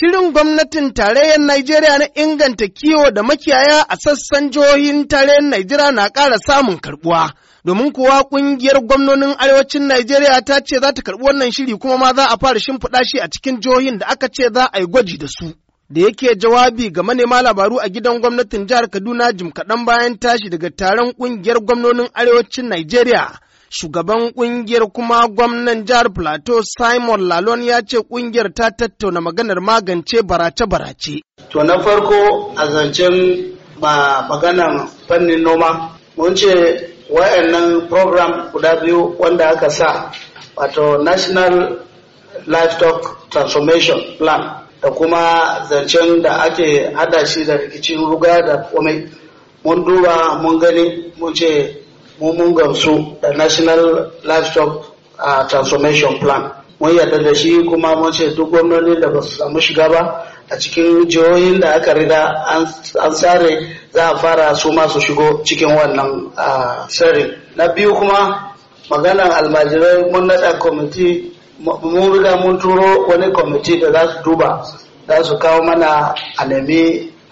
Shirin gwamnatin tarayyar Najeriya na inganta kiwo da makiyaya a sassan jihohin tarayyar Najeriya na ƙara samun karɓuwa. domin kuwa ƙungiyar gwamnonin arewacin Najeriya ta ce za ta karɓi wannan shiri kuma ma za a fara shimfiɗa shi a cikin jihohin da aka ce za a yi gwaji da su. Da yake jawabi ga manema labaru a gidan gwamnatin jihar Kaduna jim kaɗan bayan tashi daga taron ƙungiyar gwamnonin arewacin Najeriya. Shugaban kungiyar kuma gwamnan jihar Plateau Simon Lalon ya ce kungiyar ta tattauna maganar magance barace-barace. To na farko a zancen ba maganan fannin noma, mun ce wayannan program guda biyu wanda aka sa wato National Livestock Transformation Plan da kuma zancen da ake hada shi da rikicin ruga da komai mun duba mun gani mun ce mu mun gamsu da national livestock uh, transformation plan mun yarda da shi kuma mun ce duk gwamnoni da ba su samu shiga ba a cikin jihohin da aka rida an tsare za a fara su masu shigo cikin wannan tsari na biyu kuma maganan almajirai mun naɗa kwamiti mun riga mun turo wani kwamiti da za su duba za su kawo mana a nemi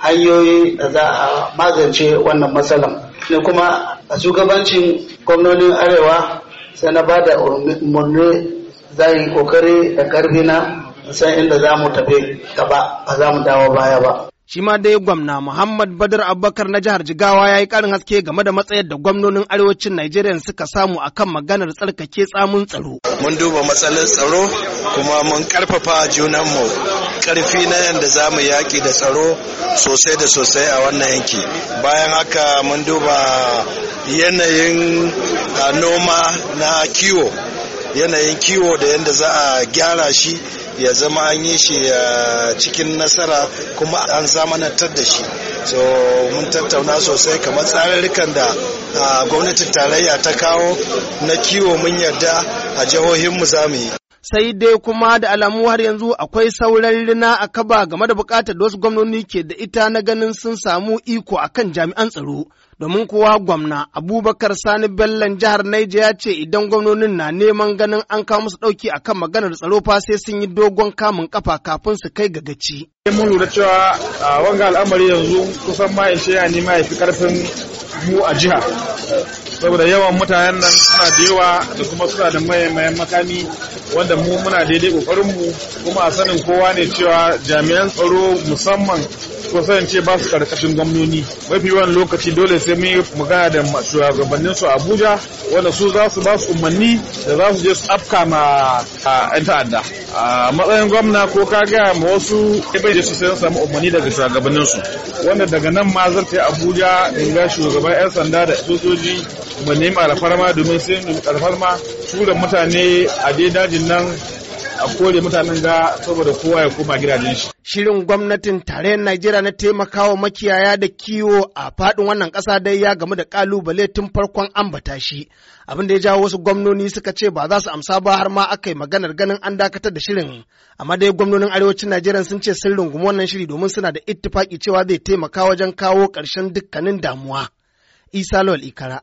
hanyoyi da za a magance wannan matsalan ne kuma a shugabancin gwamnonin arewa sai na ba da umarni za yi kokari da karfi na san inda za mu tafi gaba ba za mu dawo baya ba shi ma dai gwamna Muhammad Badar Abubakar na jihar Jigawa ya yi ƙarin haske game da matsayar da gwamnonin arewacin Najeriya suka samu a kan maganar tsarkake tsamun tsaro. Mun duba matsalar tsaro kuma mun ƙarfafa junanmu ƙarfi na yadda za mu yaƙi da tsaro sosai da sosai a wannan yanki. Bayan haka mun duba yanayin ah, noma na kiwo yanayin kiwo da yadda za a gyara shi ya zama an yi shi ah, cikin nasara kuma an zamanantar da shi so mun tattauna sosai kamar tsarirrikan da ah, gwamnatin tarayya ta kawo na kiwo mun yarda a jihohinmu za mu yi sai dai kuma da alamu har yanzu akwai sauran rina a kaba game da bukatar da wasu gwamnoni ke da ita na ganin sun samu iko a kan jami'an tsaro domin kuwa gwamna abubakar sani bellan jihar naija ya ce idan gwamnonin na neman ganin an kawo musu ɗauki kan maganar tsaro fa sai sun yi dogon kamun kafa kafin su kai ga gaci. mun lura cewa wanga al'amari yanzu kusan ma ishe ya karfin mu a jiha saboda yawan mutanen nan suna da yawa da kuma suna da mayan makami wanda mu muna daidai mu kuma a sanin kowa ne cewa jami'an tsaro musamman sanin ce ba su karkashin gwamnoni mafi yawan lokaci dole sai mun magana da shugabannin su Abuja wanda su za su ba su umarni da za su je su afka ma yan ta'adda a matsayin gwamna ko ka ga ma wasu ibai da su sai samu umarni daga shugabannin su wanda daga nan ma zan zarta Abuja in ga shugaban yan sanda da sojoji mu nemi alfarma domin sai alfarma tura mutane a dai dajin nan a kore mutanen ga saboda kowa ya koma gidajen shi. Shirin gwamnatin tarayyar Najeriya na taimakawa makiyaya da kiwo a faɗin wannan kasa dai ya gamu da kalubale tun farkon ambata shi. Abin da ya jawo wasu gwamnoni suka ce ba za su amsa ba har ma aka yi maganar ganin an dakatar da shirin. Amma dai gwamnonin arewacin Najeriya sun ce sun rungumi wannan shiri domin suna da ittifaki cewa zai taimaka wajen kawo ƙarshen dukkanin damuwa. Isa Lawal Ikara